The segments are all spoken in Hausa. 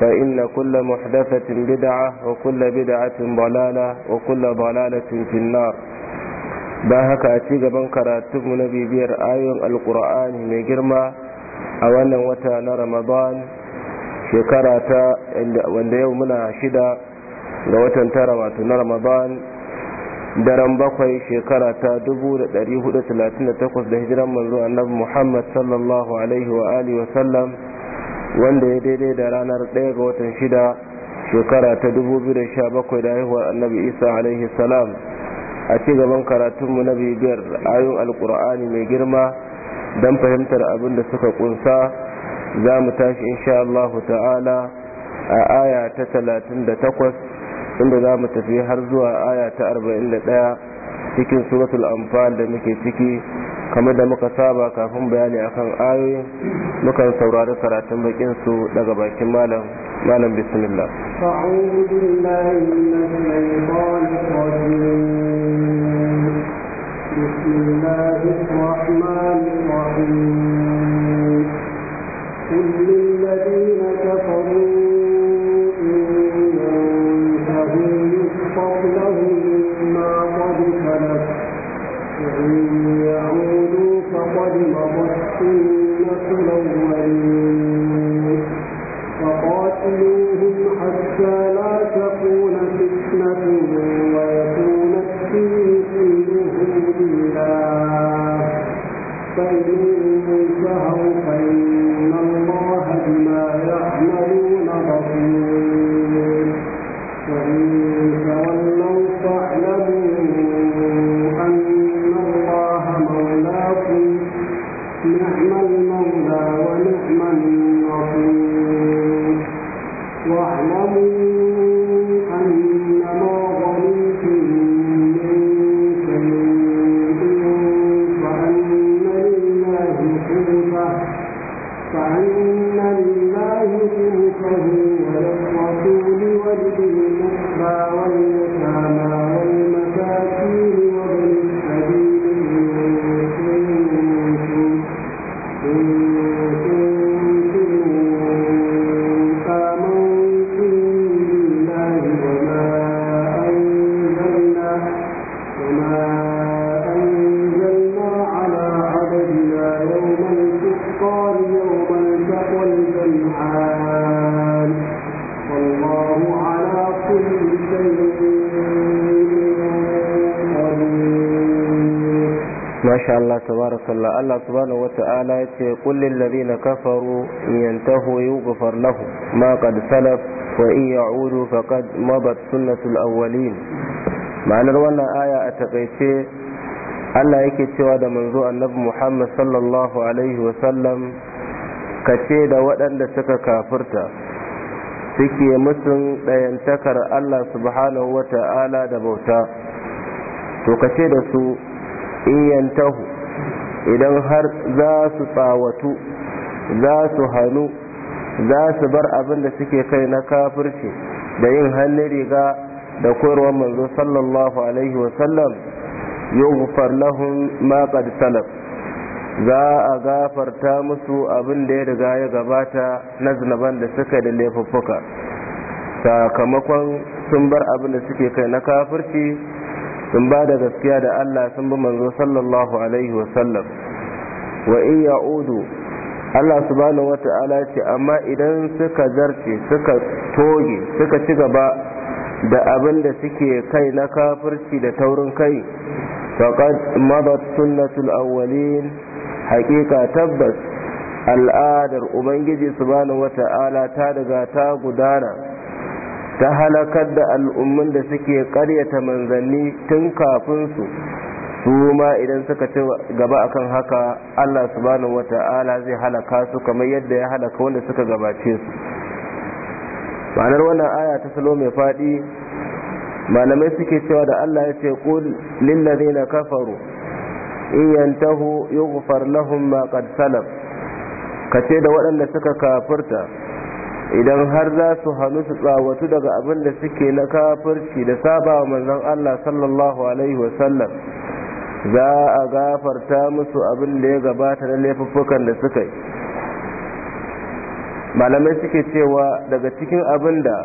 فإن كل محدثة بدعة وكل بدعة ضلالة وكل ضلالة في النار da haka a ci gaban karatunmu na bibiyar ayoyin alkur'ani mai girma a wannan wata na ramadan shekara wanda yau muna shida ga watan tara wato na ramadan daren bakwai shekara ta 438 da hijiran manzo annabi muhammad sallallahu alaihi wa sallam wanda ya daidai da ranar 1 ga watan shida shekara ta 2017 da da haihuwar annabi isa alaihi salam a ci gaban karatunmu na bibiyar ayon alkur'ani mai girma don fahimtar abin da suka kunsa za mu tashi insha ta'ala a aya ta 38 inda za mu tafi har zuwa aya ta arba'in da ɗaya cikin suratul amfani da muke ciki kamar da muka saba kafin bayani akan ayoyi mukan saurari karatun bakin su daga bakin malam malam bismillah أعوذ بالله من الشيطان الرجيم بسم الله الرحمن الرحيم قل للذين كفروا لقد مضت سنة فقاتلوهم حتى لا تكون فتنة نعم المولى ونعم النصير واعلموا sallah Allah subhanahu ta'ala ya ce kullin ladina kafaru yantahu yughfar lahum ma qad salaf wa in ya'udu faqad mabat sunnatul awwalin ma'anar wannan aya a takaice Allah yake cewa da manzo annabi Muhammad sallallahu alaihi wa sallam kace da waɗanda suka kafirta suke musun ɗayantakar Allah subhanahu wata'ala da bauta to kace da su in yantahu idan har za su tsawatu za su hannu za su bar abin da suke kai na kafirci da yin hannun riga da koyarwar manzo sallallahu alaihi wasallam yau lahum ma qad salaf za a gafarta musu abin da ya riga ya gabata na zunuban da suka da laifuffuka sakamakon sun bar abin da suke kai na kafirci sun ba da gaskiya da Allah sun bi manzo sallallahu alaihi wasallam wa in ya'udu Allah subhanahu wata'ala ce amma idan suka zarce suka toge suka ci gaba da abin da suke kai na kafirci da taurin kai faqad madat sunnatul awwalin haqiqa tabbas al'adar ubangiji subhanahu wata'ala ta daga ta gudana ta halakar da al'ummin da suke karyata manzanni tun kafin su su ma idan suka ci gaba akan haka Allah subhanahu wata'ala zai halaka su kamar yadda ya halaka wanda suka gabace su ma'anar wannan aya ta salo mai faɗi malamai suke cewa da Allah ya ce qul lil na kafaru in yantahu yughfar lahum ma qad salaf kace da waɗanda suka kafirta idan har za su hannu su tsawatu daga abin da suke na kafirci da sabawa manzon Allah sallallahu alaihi wasallam za a gafarta musu abin da ya gabata na laifuffukan da suka yi malamai suke cewa daga cikin abin da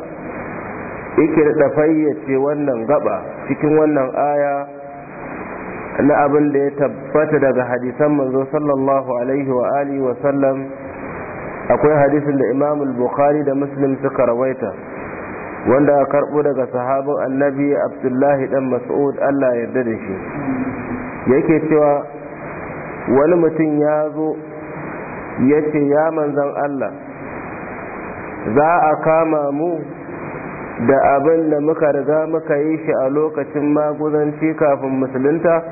yake da fayyace wannan gaba cikin wannan aya na abin da ya tabbata daga hadisan manzo sallallahu alaihi wa wa akwai hadisin da imam al-bukhari da muslim suka rawaita wanda a karbo daga sahabin annabi abdullahi dan mas'ud Allah ya yarda da shi yake cewa wani mutum ya zo ya ce ya manzan Allah za a kama mu da abin da muka riga muka yi shi a lokacin maguzanci kafin musulunta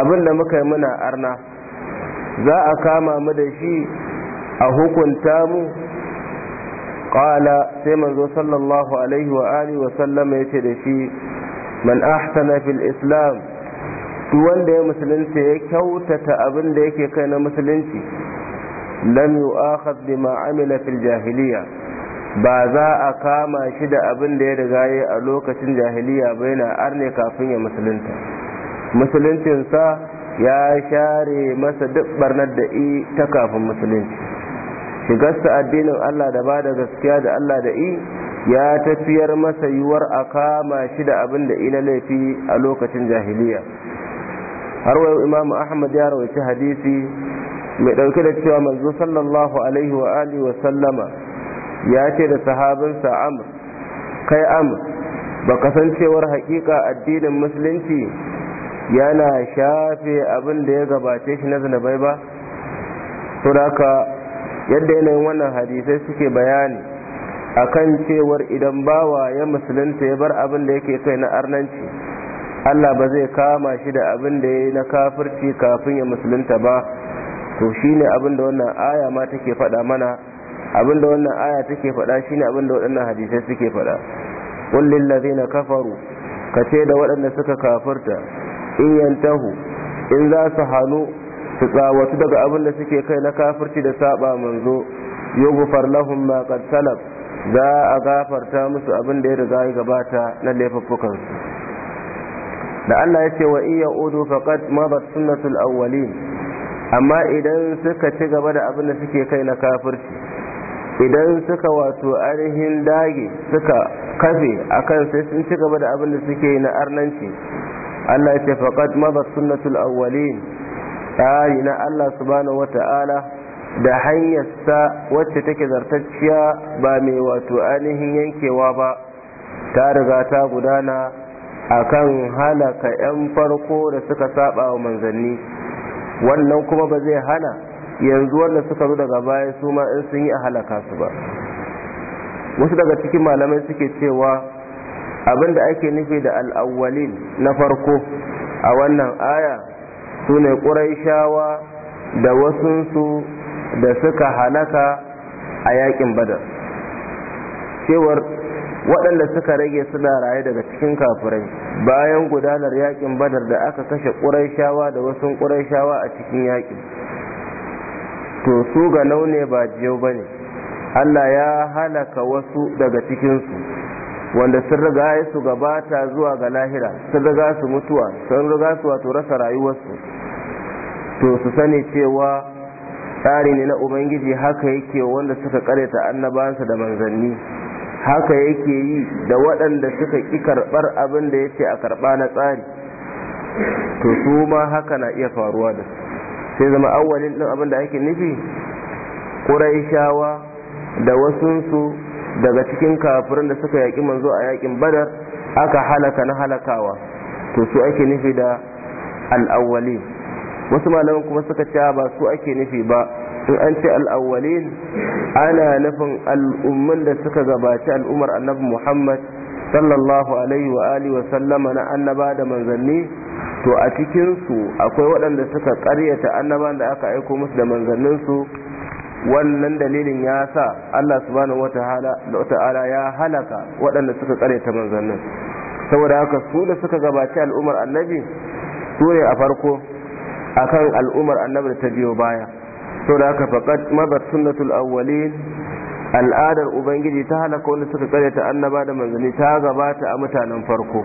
abin da muka yi muna arna za a kama mu da shi a hukunta mu ƙala, sai manzo sallallahu alaihi wa alihi wa sallama ce da shi man ahsana fil islam duk wanda ya musulunta ya kyautata abin da yake kai na musulunci lam yu'akhadh bima amila fil jahiliya ba za a kama shi da abin da ya riga yi a lokacin jahiliya ba yana arne kafin ya musulunta musuluncinsa ya share masa duk barnar da i ta kafin musulunci shigarsa addinin Allah da ba da gaskiya da Allah da i ya tafiyar masa yiwuwar a kama shi da abin da ina laifi a lokacin jahiliya har wayo imamu ahmad ya rawaci hadisi mai ɗauke da cewa manzo sallallahu alaihi wa alihi wa sallama ya ce da sahabinsa amr kai amr ba kasancewar hakika addinin musulunci yana shafe abin da ya gabace shi na zanabai ba saboda yadda yanayin wannan hadisai suke bayani a kan cewar idan bawa ya musulunta ya bar abin da yake kai na arnanci Allah ba zai kama shi da abin da ya yi na kafirci kafin ya musulunta ba to shi ne abin da wannan aya ma take faɗa mana abin da wannan aya take faɗa ne abin da waɗannan hadisai suke faɗa qul lil na kafaru ce da waɗanda suka kafirta in yantahu in za su hannu. su tsawatu daga abin da suke kai na kafirci da saba manzo yughfar lahum ma qad salaf za a gafarta musu abin da ya riga ya gabata na laifuffukan da Allah ya ce wa iya udu faqad madat sunnatul awwalin amma idan suka ci gaba da abin da suke kai na kafirci idan suka wato ainihin dage suka kafe akan sai sun ci gaba da abin da suke na arnanci Allah ya ce faqad madat sunnatul awwalin tsari na Allah subhanahu wata'ala da hanyarsa wacce take zartacciya ba mai wato ainihin yankewa ba ta riga ta gudana akan halaka 'yan farko da suka saba wa manzanni wannan kuma ba zai hana yanzu wanda suka zo daga baya su ma in sun yi a halaka su ba wasu daga cikin malamai suke cewa abin da ake nufi da al'awwalin na farko a wannan aya su ne ƙuraishawa da wasunsu da suka halaka a yakin badar cewar waɗanda suka rage suna raye daga cikin kafirai bayan gudanar yakin badar da aka kashe ƙuraishawa da wasu ƙuraishawa a cikin yaƙi. to su ga launi ba jiyau ba ne allah ya halaka wasu daga cikinsu wanda sun riga ya su gabata zuwa ga lahira sun riga su mutuwa sun riga su wato rasa rayuwarsu to su sani cewa tsari ne na ubangiji haka yake wanda suka karyata annabansa da manzanni haka yake yi da waɗanda suka ƙi karɓar abin da yake a karɓa na tsari to su ma haka na iya faruwa da sai zama awwalin din abin da ake nufi ƙuraishawa da wasunsu daga cikin kafirin da suka yaƙi manzo a yaƙin badar aka halaka na halakawa to su ake nufi da al'awwali wasu malaman kuma suka ce ba su ake nufi ba in an ce al'awwalin ana nufin al'ummin da suka gabaci al'ummar annabi muhammad sallallahu alaihi wa alihi wa sallama na annaba da manzanni to a cikinsu akwai waɗanda suka ƙaryata annaban da aka aiko musu da su. wannan dalilin ya sa Allah subhanahu wata'ala ya halaka waɗanda suka tsare ta manzannin saboda haka su da suka gabaci al'umar annabi su ne a farko akan al'umar annabi ta biyo baya saboda haka faqad madat sunnatul awwalin al'adar ubangiji ta halaka wanda suka tsare ta annaba da manzanni ta gabata a mutanen farko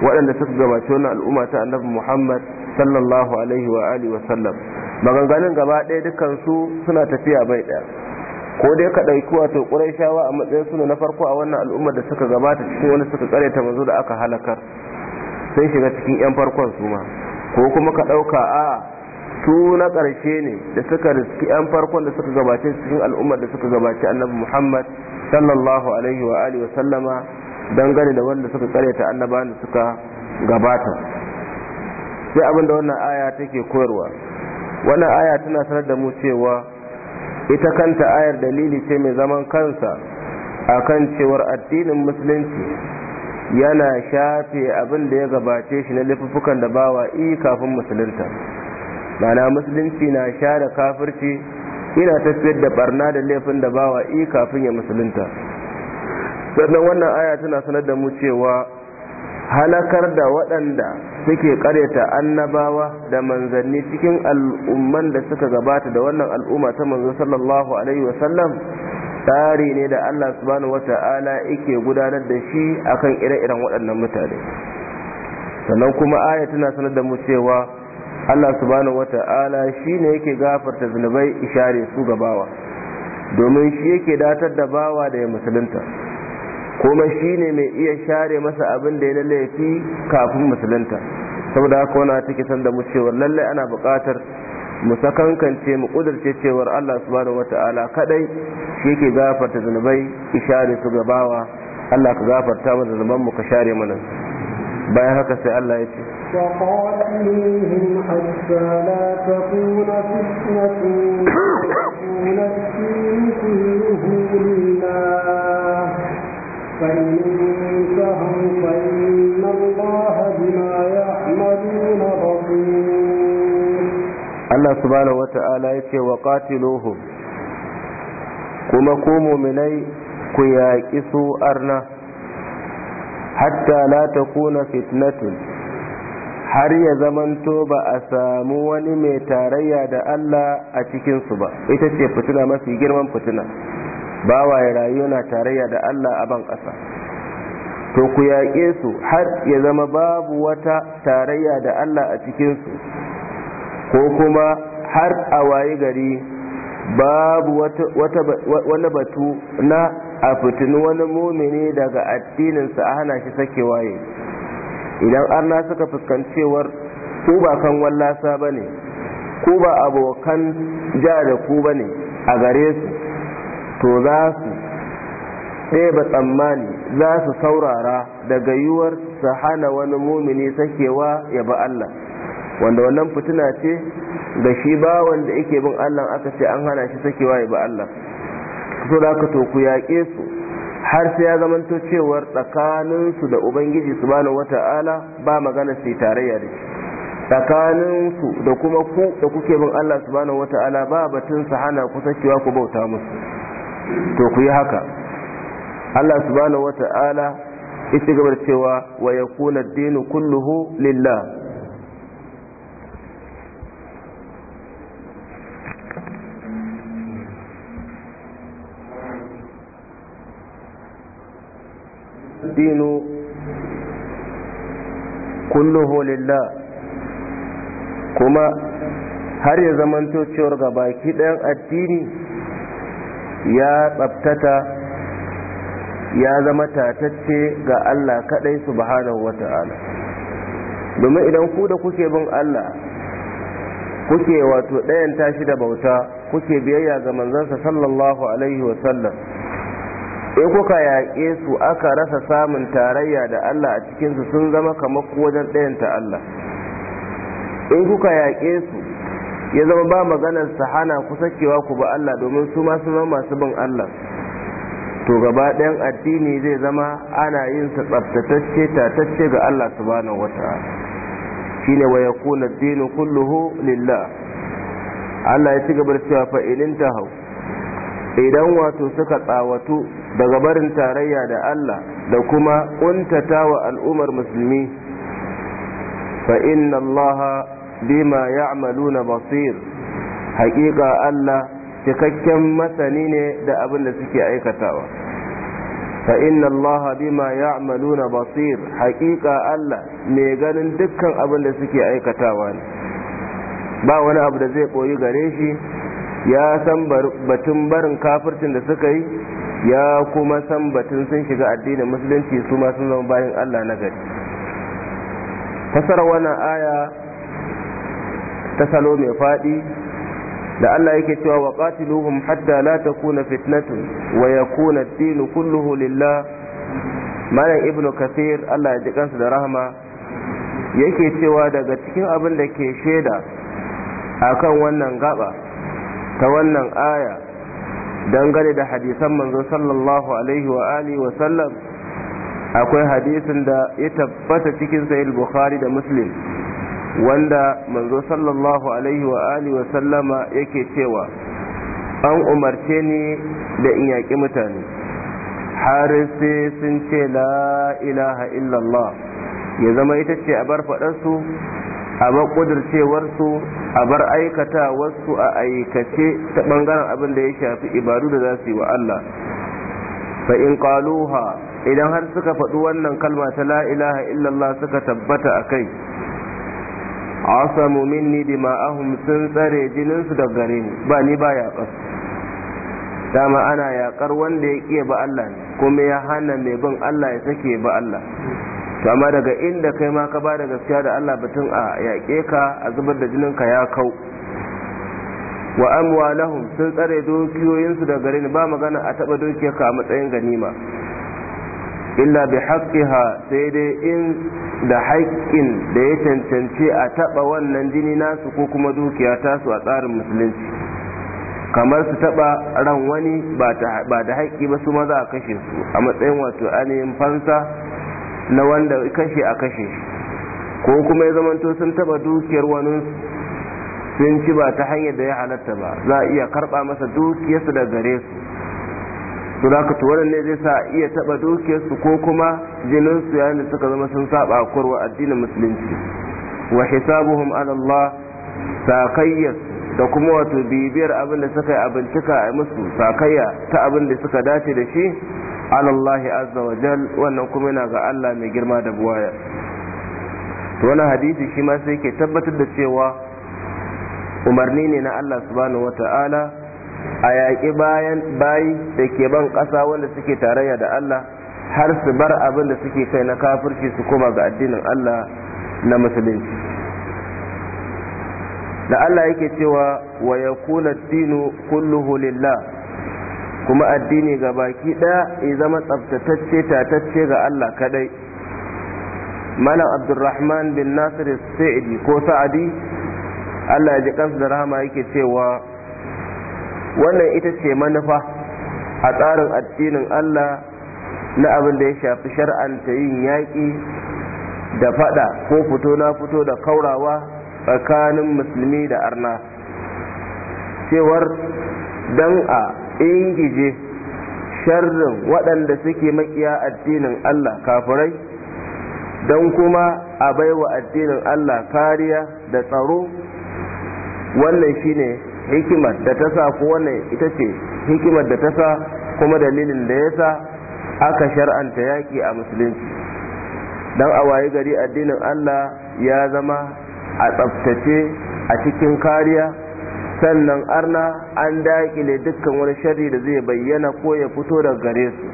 waɗanda suka gabaci wannan al'umma ta annabi Muhammad sallallahu alaihi wa alihi wa sallam maganganun gaba ɗaya dukansu suna tafiya bai ɗaya ko dai ka ɗauki wato ƙurayshawa a matsayin suna na farko a wannan al'ummar da suka gabata cikin wani suka tsare ta manzo da aka halakar sai shiga cikin 'yan farkon su ma ko kuma ka ɗauka a su na ƙarshe ne da suka riski 'yan farkon da suka gabace cikin al'ummar da suka gabace annabi muhammad sallallahu alaihi wa alihi wa sallama dangane da wanda suka tsare ta annabawan da suka gabata sai abin da wannan aya take koyarwa wannan aya tana sanar da mu cewa ita kanta ayar dalili ce mai zaman kansa akan cewar addinin musulunci yana shafe abin da ya gabace shi na laifukan da bawa i kafin musulunta mana musulunci na share kafirci ina tafiyar da barna da laifin da bawa i kafin ya musulunta sannan wannan aya tana sanar da mu cewa halakar da waɗanda suke karyata annabawa da manzanni cikin al'umman da suka gabata da wannan al'umma ta manzo sallallahu alaihi wasallam tsari ne da Allah subhanahu wata'ala yake gudanar da shi akan ire-iren waɗannan mutane sannan kuma aya tana sanar da mu cewa Allah subhanahu wata'ala shine yake gafarta zunubai ishare su gabawa domin shi yake datar da bawa da ya musulunta kuma shine mai iya share masa abin da ya na laifi kafin musulunta saboda haka wani take san da mu cewar lallai ana buƙatar mu sakankance mu kudirce cewar Allah subhanahu wata'ala kadai shi yake gafarta zunubai ishare su gabawa Allah ka gafarta mana zunuban mu ka share mana bayan haka sai Allah ya ce فإنهم فإن الله بما يعملون Allah subhanahu wa ta’ala ya ce wa ƙatilohun kuma ku muminai ku yaƙi su arna hatta la ta kuna fitnatun har ya zamanto ba a samu wani mai tarayya da Allah a cikinsu ba ita ce fitina mafi girman fitina bawa ya rayu yana tarayya da Allah a ban ƙasa to ku yaƙe su har ya zama babu wata tarayya da Allah a cikinsu ko kuma har a waye gari babu wani batu na a fitin wani mumini daga addininsa a hana shi sake waye idan arna suka fuskancewar ku ba kan wallasa ba ne ku ba abokan ja da ku ba ne a gare su to za su ba tsammani za su saurara daga yiwuwar su hana wani mumini sakewa ya ba Allah wanda wannan fitina ce ga shi ba wanda yake bin Allah aka ce an hana shi sakewa ya ba Allah to da aka toku ku yaƙe su har sai ya zamanto cewar tsakaninsu da ubangiji su bani wata'ala ba magana su tarayya da shi tsakaninsu da kuma ku da kuke bin Allah subhanahu wata'ala ba batun su hana ku sakewa ku bauta musu to ku yi haka Allah subhanahu wata'ala ita gabar cewa wa ya kuna dinu kulluhu lillah dinu kulluhu lillah kuma har ya zamanto cewar ga baki ɗayan addini ya tsabtata ya zama tatacce ga Allah kadai subhanahu wata'ala domin idan ku da kuke bin Allah kuke wato ɗayan tashi da bauta kuke biyayya ga manzansa sallallahu alaihi wasallam in kuka yaƙe su aka rasa samun tarayya da Allah a cikinsu sun zama kamar wajen ta Allah in kuka yaƙe su ya zama ba maganar sa hana ku ku ba Allah domin su ma sun masu bin Allah to gaba ɗayan addini zai zama ana yin sa tsaftatacce tatacce ga Allah subhanahu wata'ala shine wa yakuna ad-dinu kulluhu lillah Allah ya ci gaba da cewa fa hau idan wato suka tsawatu daga barin tarayya da Allah da kuma kuntatawa al'ummar musulmi fa inna Allah bima ya'maluna basir hakika Allah cikakken masani ne da abin da suke aikatawa fa inna Allah bima ya'maluna basir haƙiƙa Allah mai ganin dukkan abin da suke aikatawa ne ba wani abu da zai koyi gare shi ya san batun barin kafircin da suka yi ya kuma san batun sun shiga addinin musulunci su ma sun zama bayan Allah na gari fasara wannan aya ta salo mai faɗi da Allah yake cewa wa qatiluhum hatta la takuna fitnatun wa yakuna ad-din kulluhu lillah malam ibnu kathir Allah ya ji kansa da rahama yake cewa daga cikin abin da ke shaida akan wannan gaba ta wannan aya dangane da hadisan manzo sallallahu alaihi wa alihi wa sallam akwai hadisin da ya tabbata cikin sahih bukhari da muslim wanda manzo sallallahu alaihi wa alihi wa sallama yake cewa an umarce ni da in yaƙi mutane har sai sun ce la ilaha illallah ya zama ita ce a bar faɗarsu a bar ƙudurcewarsu a bar aikatawarsu a aikace ta ɓangaren abin da ya shafi ibadu da za su yi wa Allah fa in qaluha idan har suka faɗi wannan kalma ta la ilaha illallah suka tabbata a kai asamu minni dima'ahum sun tsare jininsu daga gare ni ba ni ba yaƙar dama ana yaƙar wanda ya ƙiya ba Allah ne kuma ya hana mai bin Allah ya sake ba Allah to amma daga inda kai ma ka ba da gaskiya da Allah batun a yaƙe ka a zubar da jininka ya kau wa amwalahum sun tsare dukiyoyinsu da gare ni ba magana a taɓa ka a matsayin ganima illa bi haqqiha sai dai in da haƙƙin da ya cancanci a taɓa wannan jini nasu ko kuma dukiya tasu a tsarin musulunci kamar su taɓa ran wani ba da haƙƙi ba su maza a kashe su a matsayin wato ainihin fansa na wanda kashe a kashe shi ko kuma ya zamanto sun taba dukiyar wani sun ci ba ta hanyar da ya halatta ba za a iya karɓa masa dukiyarsu da gare su to da ka ne zai sa iya taba dukiyarsu ko kuma jininsu yayin da suka zama sun saba a addinin musulunci wa hisabuhum ala Allah sakayya da kuma wato bibiyar abin da suka yi a bincika a musu sakayya ta abin da suka dace da shi ala Allah azza wa jal wannan kuma yana ga Allah mai girma da buwaya to wannan hadisi shi ma sai ke tabbatar da cewa umarni ne na Allah subhanahu wata'ala a yaƙi bayan bayi da ke ban ƙasa wanda suke tarayya da Allah har su bar abin da suke kai na kafirci su koma ga addinin Allah na musulunci da Allah yake cewa wa yakuna dinu kulluhu lillah kuma addini ga baki ɗaya ya zama tsabtatacce tatacce ga Allah kadai malam abdulrahman bin nasir sa'idi ko sa'adi Allah ya ji kansa da rahama yake cewa wannan ita ce manufa a tsarin addinin Allah na abin da ya shafi shar'anta yin yaƙi da fada ko fito na fito da kaurawa tsakanin musulmi da arna cewar dan a ingije sharrin waɗanda suke makiya addinin Allah kafirai dan kuma a baiwa addinin Allah kariya da tsaro wannan shine hikimar da ta sa ko wannan ita ce hikimar da ta sa kuma dalilin da ya sa aka shar'anta yaƙi a musulunci don a wayi gari addinin allah ya zama a tsaftace a cikin kariya sannan arna an daƙile dukkan wani sharri da zai bayyana ko ya fito daga gare su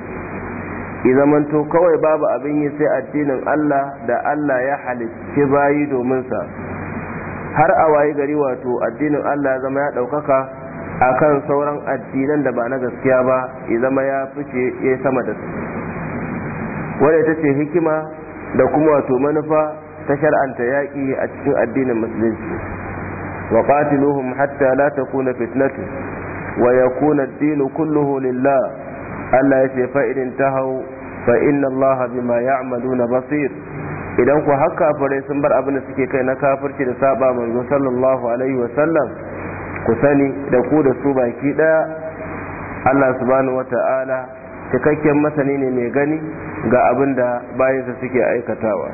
izamanto kawai babu abin yi sai addinin allah da allah ya halicci bayi domin sa har a waye gari wato addinin Allah ya zama ya ɗaukaka akan sauran addinan da ba na gaskiya ba ya zama ya fice ya sama da su wadda ita ce hikima da kuma wato manufa ta shar'anta yaƙi a cikin addinin musulunci wa qatiluhum hatta la takuna fitnatu wa yakuna ad-din kulluhu lillah Allah ya ce fa idin tahaw fa inna Allah bima ya'maluna basir idan ku haka kafirai sun bar abin da suke kai na kafirci da saba manzo sallallahu alaihi wa sallam ku sani da ku da su baki daya Allah subhanahu wa ta'ala cikakken masani ne mai gani ga abin da bayansa suke aikatawa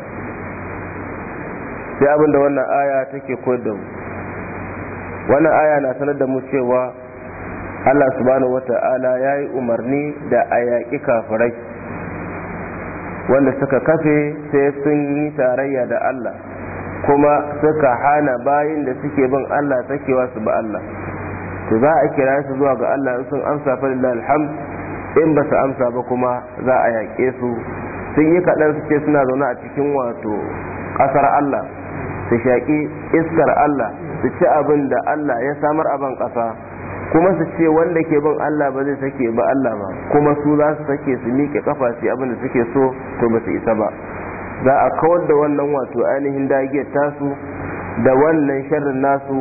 sai abin da wannan aya take koyar da mu wannan aya na sanar da mu cewa Allah subhanahu wa ta'ala ya yi umarni da a yaƙi kafirai wanda suka kafe sai sun yi tarayya da Allah kuma suka hana bayin da suke bin Allah sakewa su ba Allah to za a kira su zuwa ga Allah in sun amsa fa lillahi alhamd in ba su amsa ba kuma za a yaƙe su sun yi kaɗan suke suna zaune a cikin wato ƙasar Allah su shaƙi iskar Allah su ci abin da Allah ya samar a ban ƙasa kuma su ce wanda ke bin Allah ba zai sake ba Allah ba kuma su za su sake su miƙe kafa su abin da suke so to ba su isa ba za a kawar da wannan wato ainihin dagiyar tasu da wannan sharrin nasu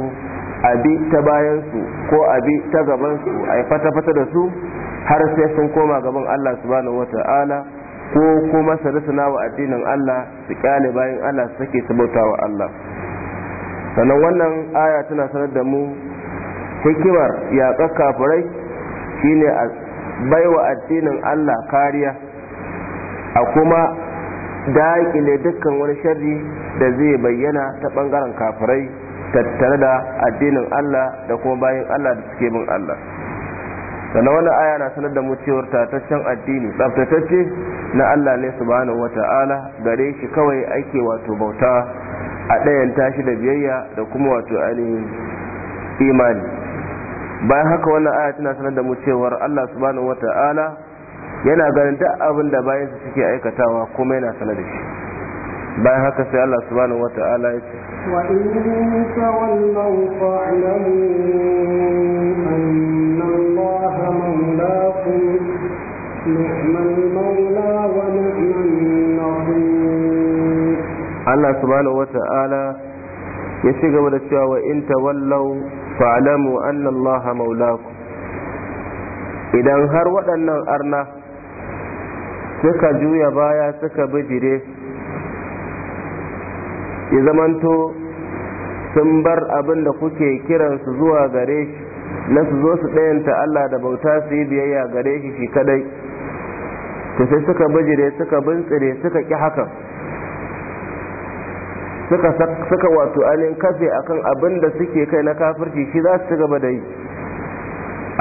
a bi ta bayansu ko a bi ta gabansu a yi fata-fata da su har sai sun koma gaban Allah subhanahu wata'ala ko kuma su risana wa addinin Allah su kyale bayan Allah su sake su bautawa Allah sannan wannan aya tana sanar da mu hikimar yaƙar kafirai shine a baiwa addinin Allah kariya a kuma daƙile dukkan wani sharri da zai bayyana ta ɓangaren kafirai tattare da addinin Allah da kuma bayan Allah da suke bin Allah sana wani aya na sanar da mu cewar tataccen addini tsaftatacce na Allah ne su subhanahu wata'ala gare shi kawai ake wato bauta a ɗayan tashi da biyayya da kuma wato ainihin imani bayan haka wannan aya tana sanar da mu cewar Allah subhanahu wata'ala yana ganin duk abin da bayan su suke aikatawa kuma yana sanar da shi bayan haka sai Allah subhanahu wata'ala ya ce wa in tawallaw fa'lamu anna Allah mawlaakum ni'mal mawla wa ni'man nasir Allah subhanahu wata'ala ya ce gaba da cewa wa in tawallaw fa'alamu an Allah ku idan har waɗannan arna suka juya baya suka bijire ya zamanto sun bar abin da kuke kiransu zuwa gare shi na su zo su ɗayanta Allah da bauta su yi biyayya gare shi shi kadai to sai suka bijire suka bintsire suka ƙi hakan suka suka wato alin kafe akan abin da suke kai na kafirci shi za su gaba da yi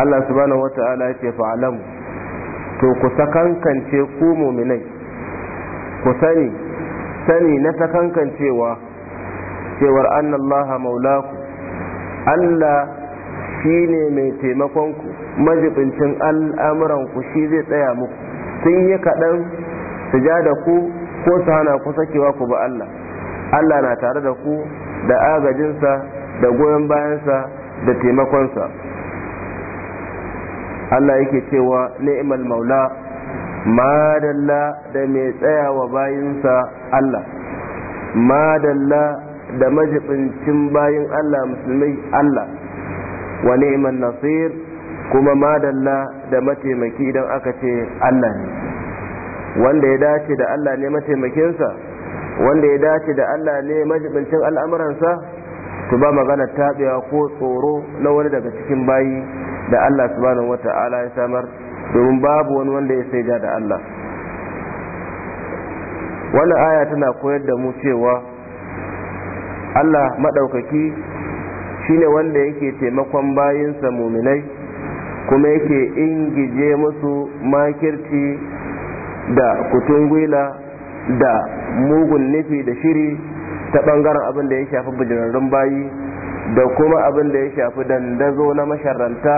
Allah subhanahu wata'ala ya ce fa'alamu to ku sakankance ku muminai ku sani sani na sakankancewa cewar annallaha maulaku Allah shi ne mai ku, majibincin al'amuranku shi zai tsaya muku sun yi kaɗan su ja da ku ko su hana ku sakewa ku ba Allah Allah na tare da ku da agajinsa da goyon bayansa da taimakonsa Allah yake cewa ni'mal maula madalla da mai tsaya wa bayinsa Allah madalla da majibincin bayin Allah musulmai Allah wa ni'mal nasir kuma madalla da mataimaki idan aka ce Allah ne wanda ya dace da Allah ne mataimakinsa wanda ya dace da Allah ne majibincin al'amuransa to ba magana taɓewa ko tsoro na wani daga cikin bayi da Allah subhanahu wata'ala ya samar domin babu wani wanda ya sai da Allah wannan aya tana koyar da mu cewa Allah maɗaukaki shine wanda yake taimakon bayinsa muminai kuma yake ingije musu makirci da kutungwila da mugun nufi da shiri ta bangaren abin da ya shafi bujirarrun bayi da kuma abin da ya shafi dandazo na masharanta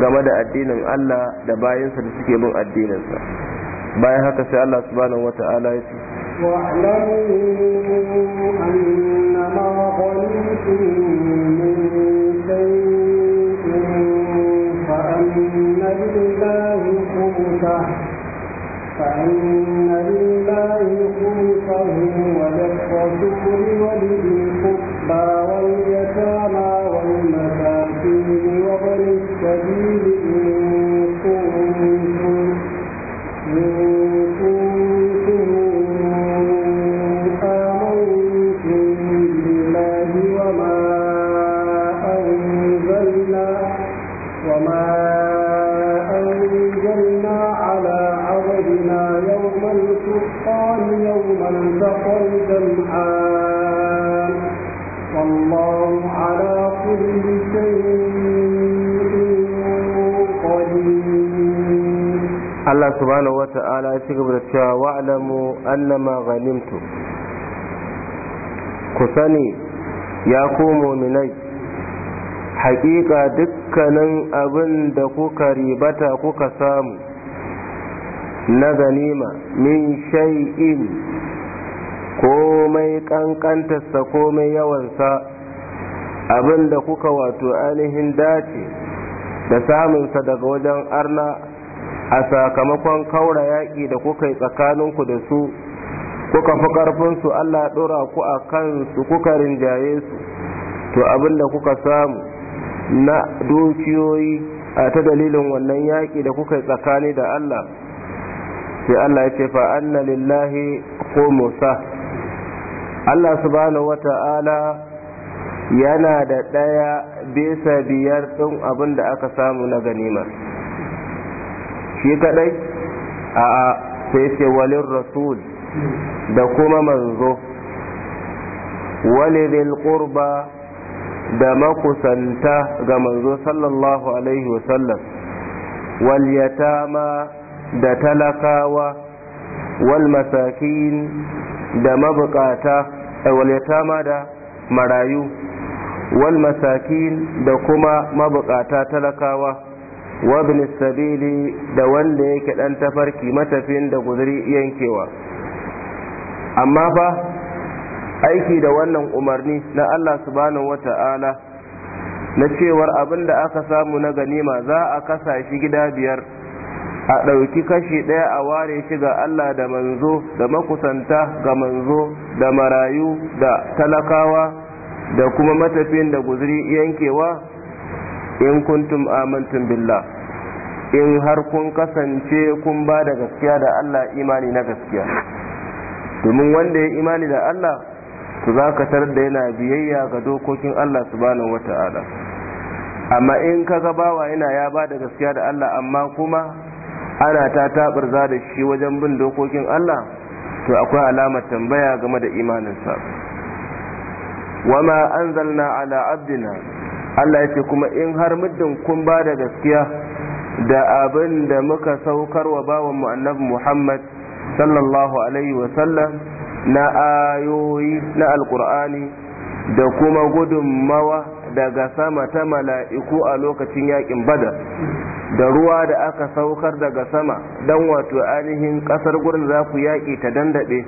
game da addinin Allah da bayansa da suke bin addininsa bayan haka sai Allah subhanahu wata'ala ya ce فأن لله الرسل ولأولي Allah subhanahu wa ta'ala ya ci gaba da cewa wa'lamu annama ghanimtum ku sani ya ku muminai Haƙiƙa dukkanin abin da kuka ribata kuka samu na ganima min shay'in komai ƙanƙantarsa komai yawansa abin da kuka wato ainihin dace da samunsa daga wajen arna a sakamakon kaura yaƙi da kuka yi tsakaninku da su kuka fi ƙarfinsu allah ɗora ku a kansu kuka rinjaye su to abin da kuka samu na dukiyoyi a ta dalilin wannan yaƙi da kuka yi tsakani da allah sai allah ya ce fa'anna lillahi ko musa. allah subhanahu wa ta'ala yana da ɗaya bisa biyar ɗin abin da aka samu na ganimar. shi kadai a a sai ce walin rasul da kuma manzo walidil qurba da makusanta ga manzo sallallahu alaihi wasallam wal yatama da talakawa wal masakin da mabukata eh, wal yatama da marayu wal masakin da kuma mabukata talakawa wa bin sabili da wanda yake dan tafarki matafin da guzuri yankewa amma fa aiki da wannan umarni na Allah subhanahu wata'ala na cewar abin da aka samu na ganima za a kasa shi gida biyar a ɗauki kashi ɗaya a ware shi ga Allah da manzo da makusanta ga manzo da marayu da talakawa da kuma matafin da guzuri yankewa in kuntum amantum billah in har kun kasance kun ba da gaskiya da Allah imani na gaskiya domin wanda ya imani da Allah to za ka da yana biyayya ga dokokin Allah subhanahu wata'ala amma in ka ga bawa yana ya ba da gaskiya da Allah amma kuma ana ta tabar za da shi wajen bin dokokin Allah to akwai alamar tambaya game da imaninsa wama anzalna ala abdina Allah ya ce kuma in har muddin kun ba da gaskiya da abin da muka saukar wa bawan mu annabi Muhammad sallallahu alaihi wa sallam na ayoyi na alkur'ani da kuma gudunmawa daga sama ta mala'iku a lokacin yakin bada da ruwa da aka saukar daga sama don wato ainihin kasar gurin za ku yaƙi ta dandaɗe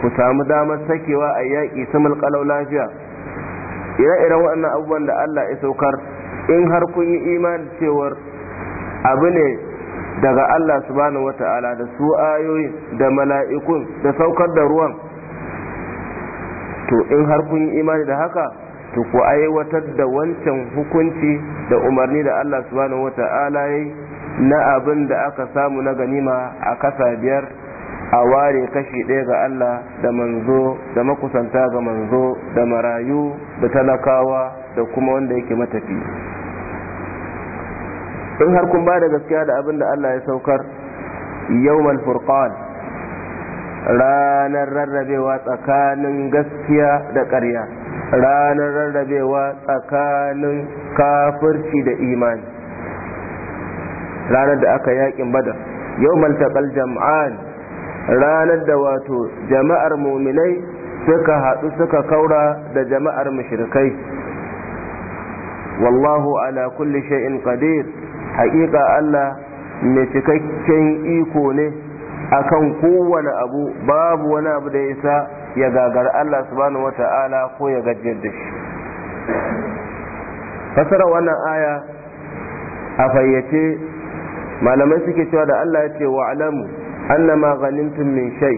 ku samu damar sakewa a yaƙi samun kalau lafiya ire-iren waɗannan abubuwan da Allah ya saukar in har kun yi imani cewar abu ne daga Allah subhanahu wata'ala da su ayoyin da mala'ikun da saukar da ruwan to in har kun yi imani da haka to ku aiwatar da wancan hukunci da umarni da Allah subhanahu wata'ala ya na abin da aka samu na ganima a kasa biyar a ware kashi ɗaya ga Allah da manzo da makusanta ga manzo da marayu da talakawa da kuma wanda yake matafi in har kun ba da gaskiya da abin da Allah ya saukar yawmal furqan ranar rarrabewa tsakanin gaskiya da ƙarya ranar rarrabewa tsakanin kafirci da imani ranar da aka yakin badar yawmal taqal jam'an ranar da wato jama'ar muminai suka haɗu suka kaura da jama'ar mushrikai wallahu ala kulli shay'in qadir haƙiƙa Allah mai cikakken iko ne akan kowane abu babu wani abu da isa ya gagar Allah subhanahu wata'ala ko ya gajiyar da shi fasara wannan aya a fayyace malamai suke cewa da Allah ya ce wa alamu annama ghanimtum min shai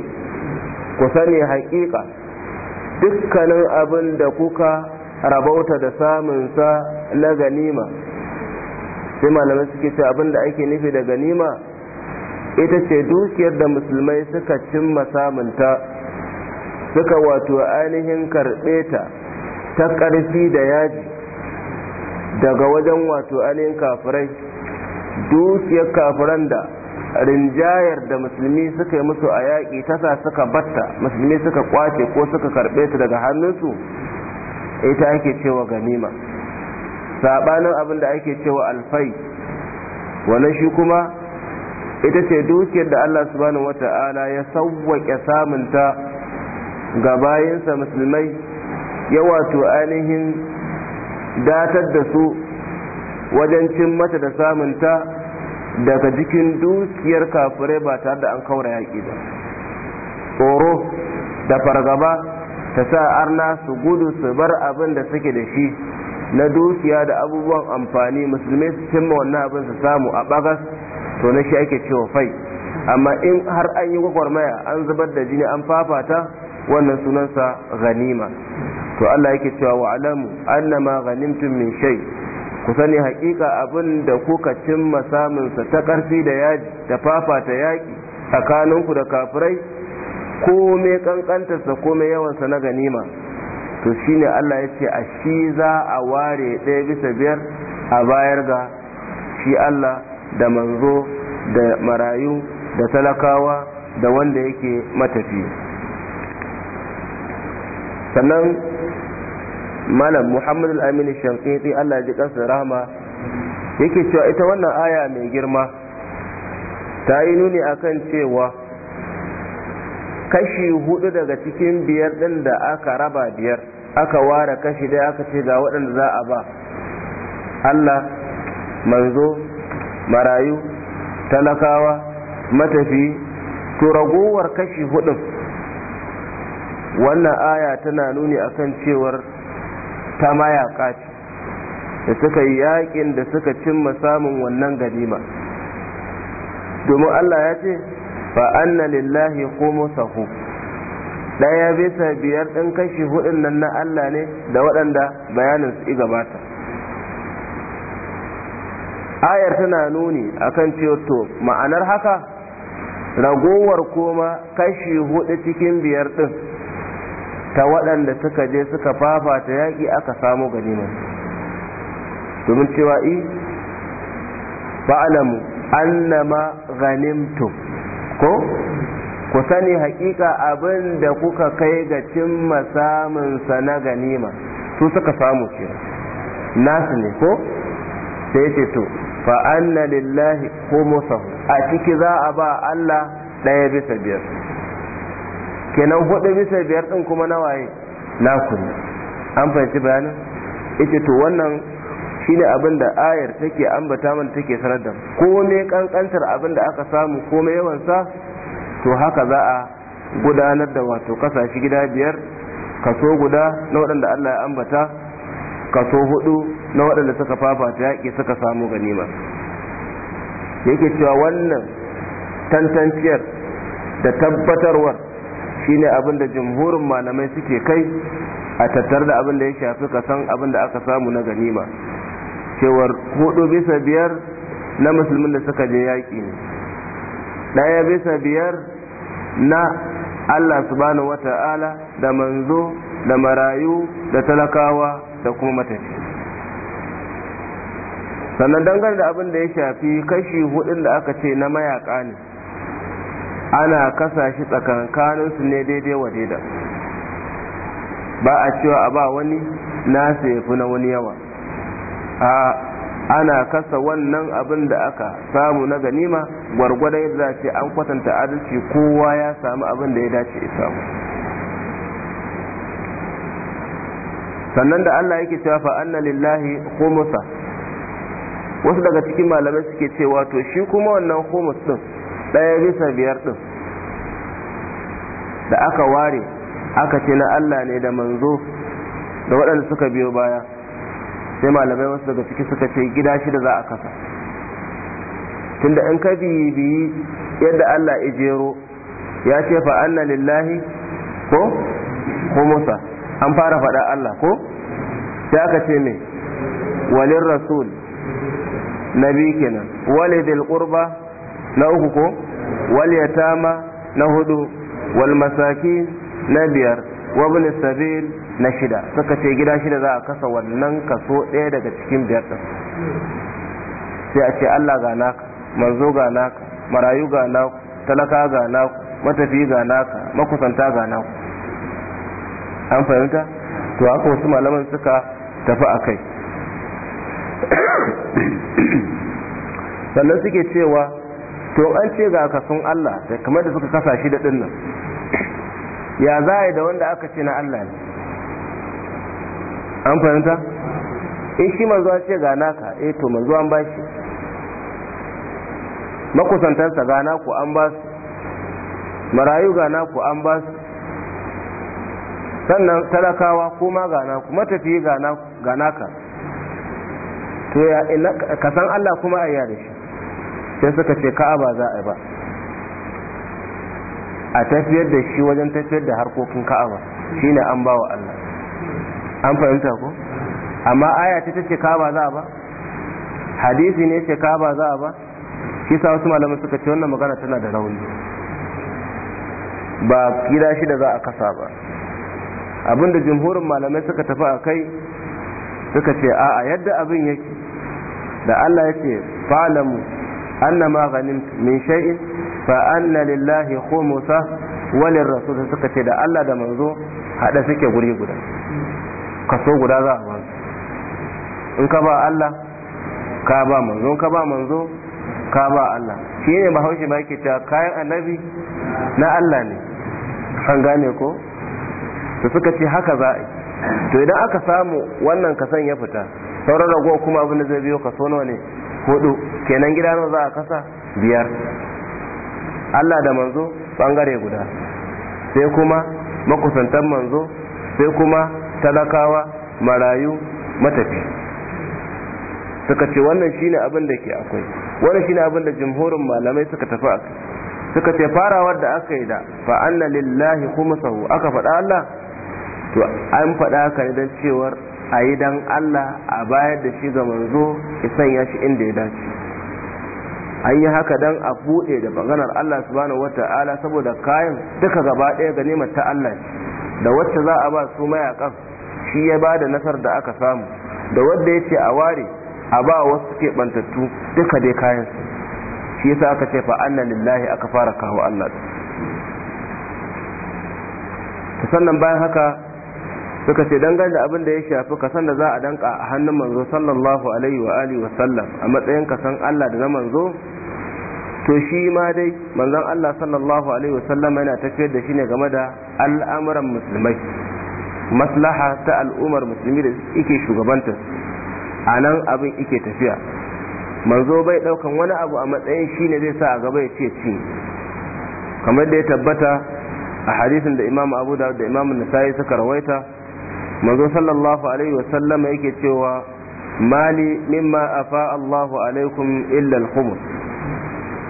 ku sani haƙiƙa dukkanin abin da kuka rabauta da samunsa na ganima sai malamai suke ce abin da ake nufi da ganima ita ce dukiyar da musulmai suka cimma samunta suka wato ainihin karɓe ta ta ƙarfi da yaji daga wajen wato ainihin kafirai dukiyar kafiran da rinjayar da musulmi suka yi musu a yaƙi tasa suka batta musulmi suka kwace ko suka karɓe su daga hannunsu ita ake cewa ganima saɓanin abin da ake cewa alfai wannan shi kuma ita ce dukiyar da allah subhanahu ta'ala ya sauwaƙe samunta ga bayansa musulmai ya wato ainihin datar da su wajen cin mata da samunta daga jikin dukiyar kafirai ba tare da an kaura yaƙi ba tsoro da fargaba ta sa arna su gudu su bar abin da suke da shi na dukiya da abubuwan amfani musulmi su cimma wannan abin su samu a bagas to na shi ake cewa fai amma in har an yi gwagwarmaya an zubar da jini an fafata wannan sunansa ganima to Allah yake cewa wa alamu annama ganimtum min shay' ku sani hakika abin da kuka cimma samunsa ta ƙarfi da yaji da fafata yaƙi tsakaninku da kafirai kome ƙanƙantarsa ko mai yawansa na ganima to shine Allah ya a shi za a ware ɗaya bisa biyar a bayar ga shi Allah da manzo da marayu da talakawa da wanda yake matafi sannan malam Muhammadu al-amin shankiti allah ji kansa rahama yake cewa ita wannan aya mai girma ta yi nuni akan cewa kashi hudu daga cikin biyar din da aka raba biyar aka ware kashi dai aka ce ga waɗanda za a ba allah manzo marayu talakawa matafi to ragowar kashi hudun wannan aya tana nuni akan cewar ta mayaka da suka yi yakin da suka cimma samun wannan ganima domin Allah ya ce fa anna lillahi qumusahu daya bisa biyar ɗin kashi hudun nan na Allah ne da waɗanda bayanin su gabata ayar tana nuni akan cewa to ma'anar haka ragowar koma kashi hudu cikin biyar ɗin ta waɗanda suka je suka fafata yaƙi aka samu ne domin cewa i ba'alamu annama ghanimtum ko ku sani hakika abin da kuka kai ga cimma samunsa na ganima su suka samu ce nasu ne ko sai ce to fa'anna lillahi ko a ciki za a ba Allah ɗaya bisa biyar kenan hudu bisa biyar din kuma na waye naku ne an fahimci bayanin ita to wannan shine abin da ayar take ambata mana take sanar da komai kankantar abin da aka samu komai yawan sa to haka za a gudanar da wato kasashe gida biyar kaso guda na waɗanda Allah ya ambata kaso hudu na waɗanda suka fafata yaƙi suka samu ganima yake cewa wannan tantanciyar da tabbatarwar shine abin da jumhurin malamai suke kai a tattar da abin da ya shafi kasan abin da aka samu na ganima cewar hudu bisa biyar na musulmin da suka je yaƙi ne ɗaya bisa biyar na allah subhanahu wata'ala da manzo da marayu da talakawa da kuma matafi sannan dangane da abin da ya shafi kashi hudun da aka ce na mayaka ne ana kasa shi su ne daidai wa daidai. ba a cewa a ba wani nasa ya fi na wani yawa a ana kasa wannan abin da aka samu na ganima gwargwadon yadda za ce an kwatanta adalci kowa ya samu abin da ya dace ya samu sannan da allah yake cewa fa anna lillahi khumusa wasu daga cikin malamai suke cewa to shi kuma wannan humus din ɗaya bisa biyar ɗin da aka ware aka ce na Allah ne da manzo da waɗanda suka biyo baya sai malamai wasu daga ciki suka ce gida shida za a kasa tunda in ka biyi biyi yadda Allah ijero ya ce fa anna lillahi ko ko musa an fara faɗa Allah ko sai aka ce me walin rasul nabi kenan walidil qurba na uku ko wal yatama na hudu wal masakin na biyar wabin sabil na shida suka ce gida shida za a kasa wannan kaso ɗaya daga cikin biyar din sai a ce Allah ga naka manzo ga naka marayu ga naka talaka ga naka matafi ga naka makusanta ga naka an fahimta to haka wasu malaman suka tafi a kai sannan suke cewa to an ce ga kasun Allah da kamar da suka kasa shi da dinnan ya za a yi da wanda aka ce na Allah ne an fahimta in shi manzo an ce ga naka eh to manzo an ba shi makusantansa ga naku an ba su marayu ga naku an ba su sannan talakawa kuma ga naku matafiyi ga naka to ya ka san Allah kuma a yare shi sai suka ce ba za a yi ba a tafiyar da shi wajen tafiyar da harkokin ba shi ne an ba wa Allah an fahimta ko amma aya ta ce ba za a ba hadisi ne ce ba za a ba shi sa wasu malamai suka ce wannan magana tana da rauni ba kira shi da za a kasa ba abinda jimhurin malamai suka tafi a kai suka ce a'a yadda abin yake da Allah ya ce falamu anna ma ghanimtu min shay'in fa anna lillahi khumsa wa suka ce da Allah da manzo hada suke guri guda kaso guda za a in ka ba Allah ka ba manzo in ka ba manzo ka ba Allah shi ne bahaushe ba yake cewa kayan annabi na Allah ne an gane ko to suka ce haka za to idan aka samu wannan kasan ya fita sauran rago kuma abin da zai biyo kaso nawa ne hudu kenan gida nawa za a kasa biyar Allah da manzo bangare guda sai kuma makusantan manzo sai kuma talakawa marayu matafi suka ce wannan shine abin da ke akwai wannan shine abin da jumhurin malamai suka tafi a suka ce farawar da aka yi da na lillahi kuma sahu aka faɗa Allah to an faɗa haka ne don cewar a yi dan Allah a bayar da shi ga manzo ya sanya shi inda ya dace an yi haka don a buɗe da maganar Allah subhanahu wata'ala saboda kayan duka gaba ɗaya ga neman ta Allah da wacce za a ba su mayakan shi ya ba da nasar da aka samu da wadda ya ce a ware a ba wasu ke bantattu duka dai kayan su shi yasa aka ce fa anna lillahi aka fara kawo Allah sannan bayan haka suka ce dangane da abin da ya shafi kasan da za a danka a hannun manzo sallallahu alaihi wa alihi wa sallam a matsayin kasan Allah da na manzo to shi ma dai manzon Allah sallallahu alaihi wa sallam yana tafiyar da shi ne game da al'amuran musulmai maslaha ta al'ummar musulmi da yake shugabanta a nan abin yake tafiya manzo bai daukan wani abu a matsayin shi ne zai sa a gaba ya ce ci kamar da ya tabbata a hadisin da imam abu da imam nasayi suka rawaita manzo sallallahu alaihi wasallam yake cewa mali mimma afa Allahu alaikum illa al ban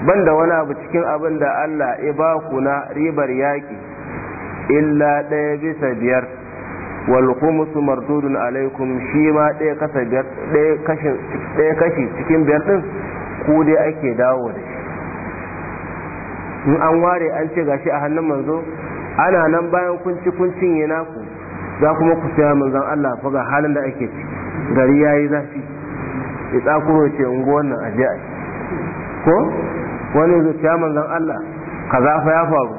banda wani abu cikin abin da Allah ya ba ku na ribar yaki illa ɗaya bisa biyar wal khumsu mardudun alaikum shi ma ɗaya kashi cikin biyar ɗin ku dai ake dawo da shi in an ware an ce gashi a hannun manzo ana nan bayan kunci-kuncin yana ku. za kuma ku saya manzan Allah fa ga halin da ake gari yayi zafi ya tsakuro ce unguwan nan aje ko wani zai saya manzan Allah kaza fa ya faru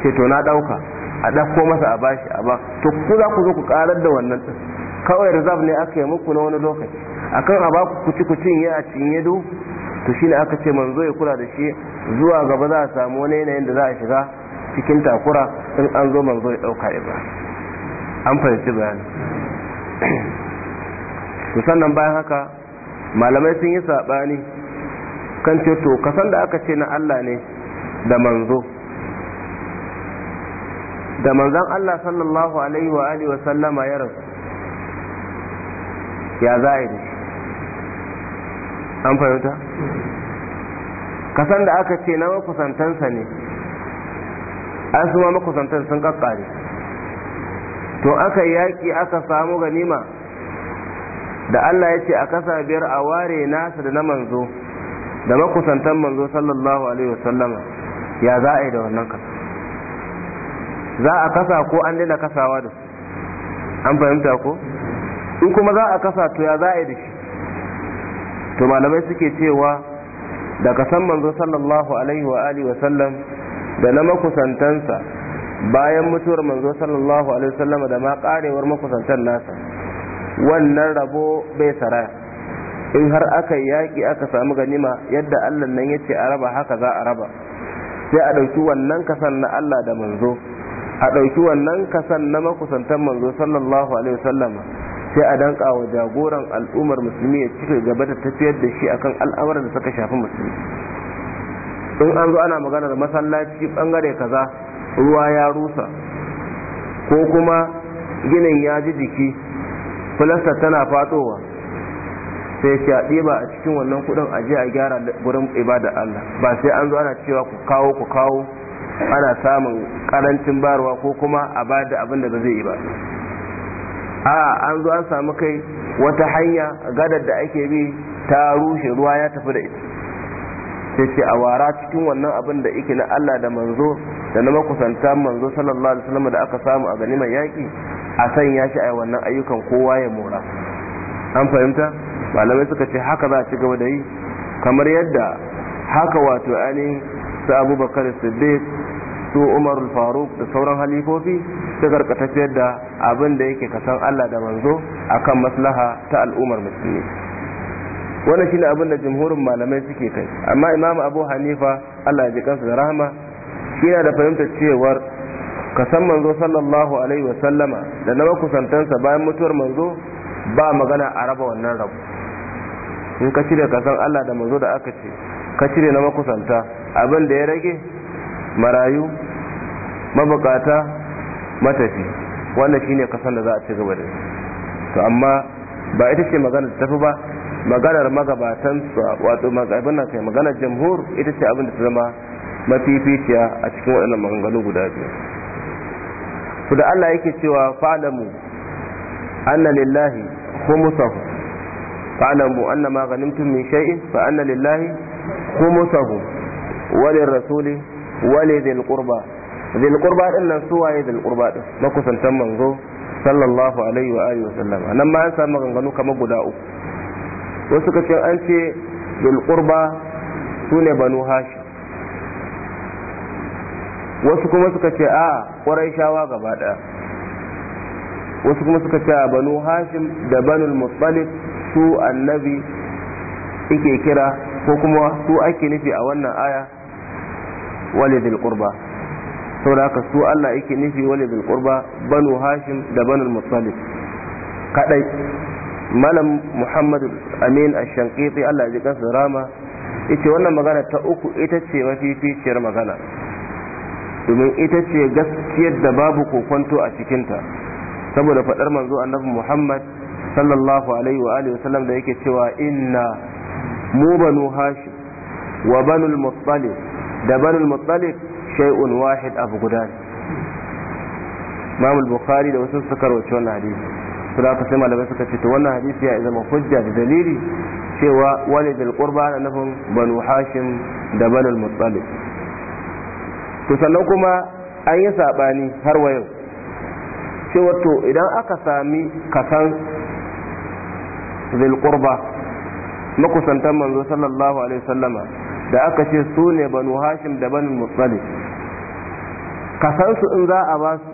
ce to na dauka a dauko masa a bashi a ba to ku za ku zo ku karar da wannan din kawai reserve ne aka yi muku na wani lokaci akan a ku kuci kuci ya a cinye du to shine aka ce manzo ya kula da shi zuwa gaba za a samu wani yanayin da za a shiga cikin takura in an zo manzo ya dauka ibrahim an fahimci bayani to sannan bayan haka malamai sun yi saɓani kan ce to kasan da aka ce na Allah ne da manzo da manzan Allah sallallahu alaihi wa alihi wa sallama ya rasu ya za a yi an fahimta kasan da aka ce na makusantansa ne an suma makusantansa sun kakkare to aka yaƙi aka samu ganima da Allah ya ce a kasa biyar a ware nasa da na manzo da makusantan manzo sallallahu alaihi wasallama ya za a yi da wannan kasa za a kasa ko an daina kasawa da su an fahimta ko in kuma za a kasa to ya za a yi da shi to malamai suke cewa da kasan manzo sallallahu alaihi wa alihi wasallam da na makusantansa bayan mutuwar manzo sallallahu alaihi wasallam da ma karewar makusantar nasa wannan rabo bai saraya in har aka yaki aka samu ganima yadda Allah nan yace a raba haka za a raba sai a dauki wannan kasan na Allah da manzo a ɗauki wannan kasan na makusantar manzo sallallahu alaihi wasallam sai a danka wa jagoran al'ummar musulmi ya cika gaba da tafiyar da shi akan al'amuran da suka shafi musulmi in an zo ana maganar masallaci bangare kaza ruwa ya rusa ko kuma ginin ya ji jiki filasta tana fatowa sai ce a ɗiba a cikin wannan kudin aje a gyara gurin ibada Allah ba sai an zo ana cewa ku kawo ku kawo ana samun karancin barwa ko kuma a ba da abin da ba zai yi ba a an zo an samu kai wata hanya gadar da ake bi ta rushe ruwa ya tafi da ita sai ce a wara cikin wannan abin da ike na Allah da manzo da na makusanta manzo sallallahu alaihi wasallam da aka samu a gani ganimar yaki, a sanya shi a wannan ayyukan kowa ya mora an fahimta malamai suka ce haka za a ci gaba da yi kamar yadda haka wato Ani, su abubakar siddiq su umar faruk da sauran halifofi su karka tafiyar da abin da yake kasan allah da manzo akan maslaha ta al'ummar musulmi wannan shine abin da jumhurin malamai suke kai amma imamu abu hanifa allah ya ji kansa da rahama shi yana da fahimtar cewar ka san manzo sallallahu alaihi wa sallama da na kusantansa bayan mutuwar manzo ba magana a raba wannan rabu in ka cire ka san Allah da manzo da aka ce ka cire na makusanta abin da ya rage marayu mabukata matafi wannan shine kasan da za a ci gaba da shi? to amma ba ita ce magana ta tafi ba maganar magabatan wato magabana kai maganar jamhur ita ce abin da ta zama mafificiya a cikin waɗannan maganganu guda biyu su da Allah yake cewa fa'lamu anna lillahi khumsahu fa'lamu anna ma ghanimtum min shay'in fa anna lillahi khumsahu wa lirrasuli wa lidhil qurba dhil qurba din nan su waye dhil qurba din makusantan manzo sallallahu alaihi wa alihi wa sallam nan ma an samu maganganu kamar guda uku wasu kace an ce dhil qurba sune banu hashim wasu kuma suka ce a shawa gaba ɗaya wasu kuma suka ce a banu hashim da banul muttalib su annabi ike kira ko kuma su ake nufi a wannan aya walidul qurba saboda haka su Allah yake nufi walidul qurba banu hashim da banul muttalib kadai malam muhammad amin ash-shanqiti Allah ya ji kansa rama yace wannan magana ta uku ita ce mafificiyar magana domin ita ce gaskiyar da babu kokonto a cikinta saboda faɗar manzo annabi muhammad sallallahu alaihi wa alihi wasallam da yake cewa inna mu banu hashim wa banul muttalib da banul muttalib shay'un wahid abu guda Imam bukhari da wasu suka rawaci wannan hadisi su da sai malamai suka ce to wannan hadisi ya zama hujja da dalili cewa wani bil qurba na nufin banu hashim da banul muttalib to sannan kuma an yi saɓani har wa yau wato idan aka sami kasan zilƙurba makusantan manzo sallallahu alaihi sallama da aka ce su ne banu hashim da banu mutsali kasansu in za a ba su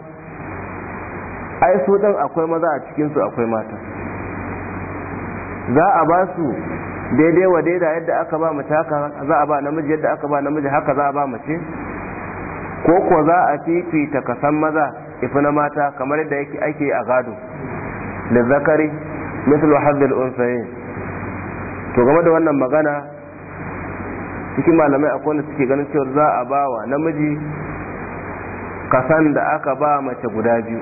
ai su ɗin akwai maza a cikinsu akwai mata za a ba su daidai wa daidai yadda aka ba mace haka za a ba namiji yadda aka ba namiji haka za a ba mace ko ko za a fifita kasan maza ifi na mata kamar yadda yake ake a gado da zakari mislu hazzul unsayin to game da wannan magana cikin malamai akwai wanda suke ganin cewa za a ba wa namiji kasan da aka ba mace guda biyu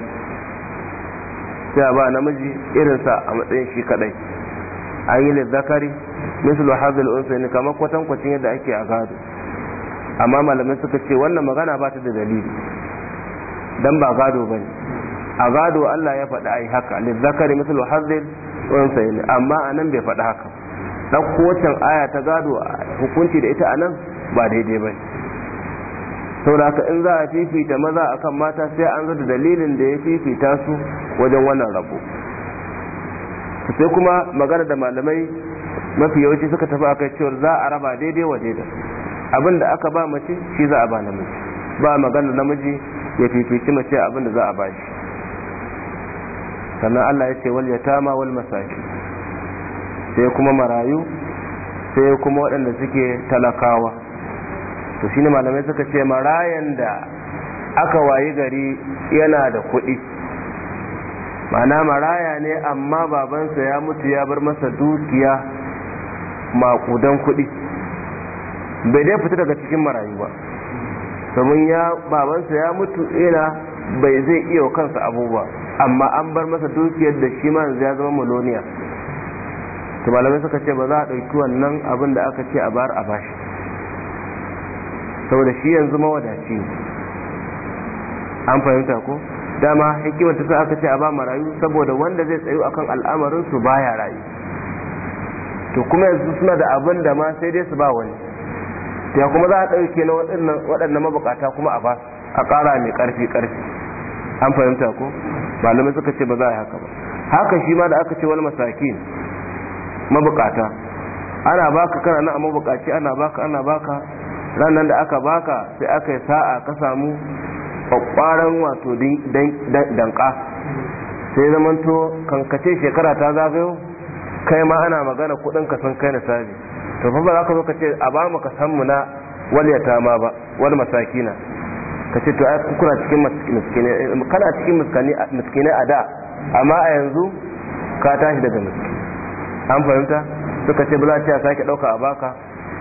sai a ba namiji irinsa a matsayin shi kadai an yi zakari mislu hazil unsa ne kamar kwatankwacin yadda ake a gado amma malamai suka ce wannan magana ba ta da dalili dan ba gado bane a gado Allah ya faɗi ai haka zakari mislu hazzil unsa ne amma anan bai faɗi haka dan kowace aya ta gado hukunci da ita anan ba daidai bane saboda in za a fifita maza akan mata sai an zo da dalilin da ya fifita su wajen wannan rabo sai kuma magana da malamai mafi yawanci suka tafi akai cewa za a raba daidai wa daidai abin da aka ba mace shi za a ba namiji ba magana namiji ya fifici mace abin da za a ba shi sannan Allah ya ce wal yatama wal masaki sai kuma marayu sai kuma waɗanda suke talakawa to shi ne malamai suka ce marayan da aka wayi gari yana da kuɗi ma'ana maraya ne amma babansa ya mutu ya bar masa dukiya maƙudan kuɗi bai dai fita daga cikin marayu ba domin ya babansa ya mutu ina bai zai iya kansa abubuwa amma an bar masa dukiyar da shi ma ya zama maloniya to malamai suka ce ba za a ɗauki wannan abin da aka ce a bar a bashi saboda shi yanzu mawadaci an fahimta ko dama hikimar ta aka ce a ba marayu saboda wanda zai tsayu akan al'amarin su baya rayu to kuma yanzu suna da abin da ma sai dai su ba wani ya kuma za a ɗauke na waɗannan mabukata kuma a ba a ƙara mai ƙarfi ƙarfi an fahimta ko malamai suka ce ba za a yi haka ba haka shi ma da aka ce wani masaki mabukata ana baka kana na a mabukaci ana baka ana baka ranar da aka baka sai aka yi sa'a ka samu kwakwaran wato danka sai zamanto kankace shekara ta zagayo kai ma ana magana kudin ka sun kai na sabi to fa ba za ka zo ka ce a ba mu ka san mu na wal yatama ba wal masakina ka ce to ai kuna cikin miskine kana cikin miskine miskine a da amma a yanzu ka tashi daga miskine an fahimta suka ce ba za a sake dauka a baka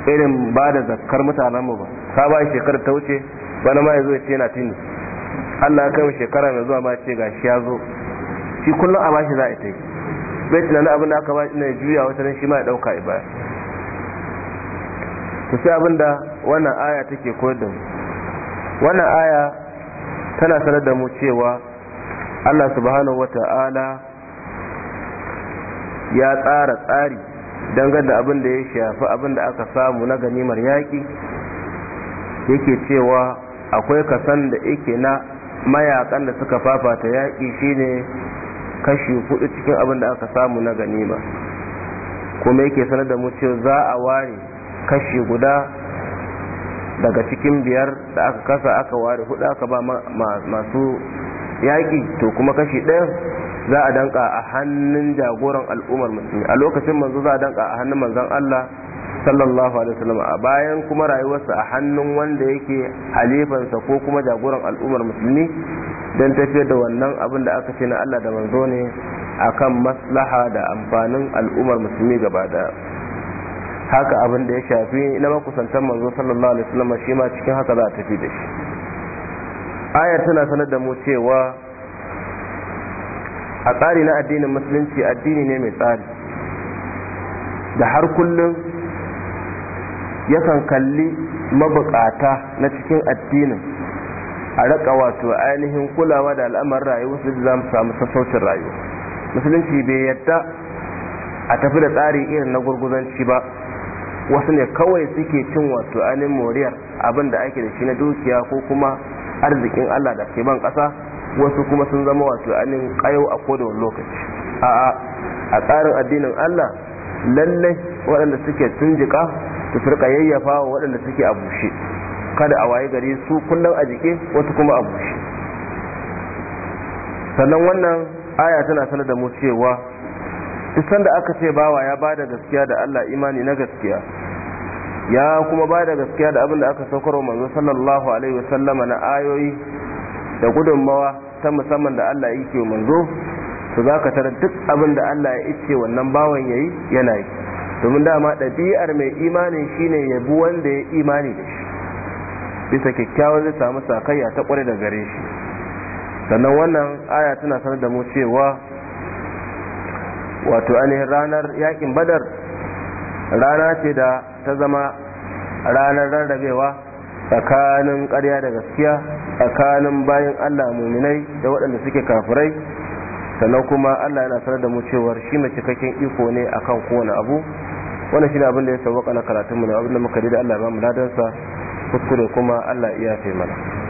irin ba da zakkar mutanen mu ba ka ba shekarar ta wuce bana ma zo ya ce yana tuni. Allah ya kai mu shekara mai zuwa ma ce shi ya zo shi kullum a bashi za a yi ta yi bai tunanin abin da aka ba ina juya wata ran shi ma ya dauka a baya to sai da wannan aya take koyar da mu wannan aya tana sanar da mu cewa Allah subhanahu wata'ala ya tsara tsari dangane da abin da ya shafi abin da aka samu na ganimar yaƙi yake cewa akwai kasan da yake na mayakan da suka fafata yaƙi shine kashi hudu cikin abin da aka samu na ganima kuma yake sanar da mu cewa za a ware kashi guda daga cikin biyar da aka kasa aka ware hudu aka ba masu yaƙi to kuma kashi ɗaya za a danka a hannun jagoran al'ummar musulmi a lokacin manzo za a danka a hannun manzon Allah sallallahu alaihi wasallam a bayan kuma rayuwarsa a hannun wanda yake halifansa ko kuma jagoran al'ummar musulmi don tafiyar da wannan abin da aka ce na Allah da manzo ne akan maslaha da amfanin al'ummar musulmi gaba daya haka abin da ya shafi na makusantar manzo sallallahu alaihi wasallam shi ma cikin haka za a tafi da shi ayar tana sanar da mu cewa a tsari na addinin musulunci addini ne mai tsari da har kullum yakan kalli mabukata na cikin addinin a raka wato ainihin kulawa da al'amar rayuwa su za mu samu sassaucin rayuwa musulunci bai yadda a tafi da tsari irin na gurguzanci ba wasu ne kawai suke cin wasu anin moriyar abinda ake da shi na dukiya ko kuma arzikin Allah da ke ban ƙasa wasu kuma sun zama wasu anin ƙayau a kodawar lokaci a'a a tsarin addinin Allah lallai waɗanda suke sun jika su firka yayyafa wa waɗanda suke a bushe kada a waye gari su kullum a jike wasu kuma a bushe sannan wannan aya tana sanar da mu cewa duk sanda aka ce bawa ya bada gaskiya da Allah imani na gaskiya ya kuma bada gaskiya da abin da aka saukarwa manzo sallallahu alaihi wasallama na ayoyi da gudunmawa ta musamman da Allah yake manzo to zaka tarar duk abin da Allah ya ice wannan bawan yayi yana yi domin dama dabi'ar mai imani shine bi wanda ya imani da shi bisa kyakkyawan zai samu sakayya ta kware da gare shi sannan wannan aya tana sanar da mu cewa wato ainihin ranar yakin badar rana ce da ta zama ranar rarrabewa tsakanin karya da gaskiya tsakanin bayan allah muminai da waɗanda suke kafirai sannan kuma allah yana sanar da mu cewar shi mai cikakken iko ne akan kowane abu shi ne abin da ya sauwaka na karatunmu na abin da muka da allah ba mu ladansa kuskure kuma allah iya taimaka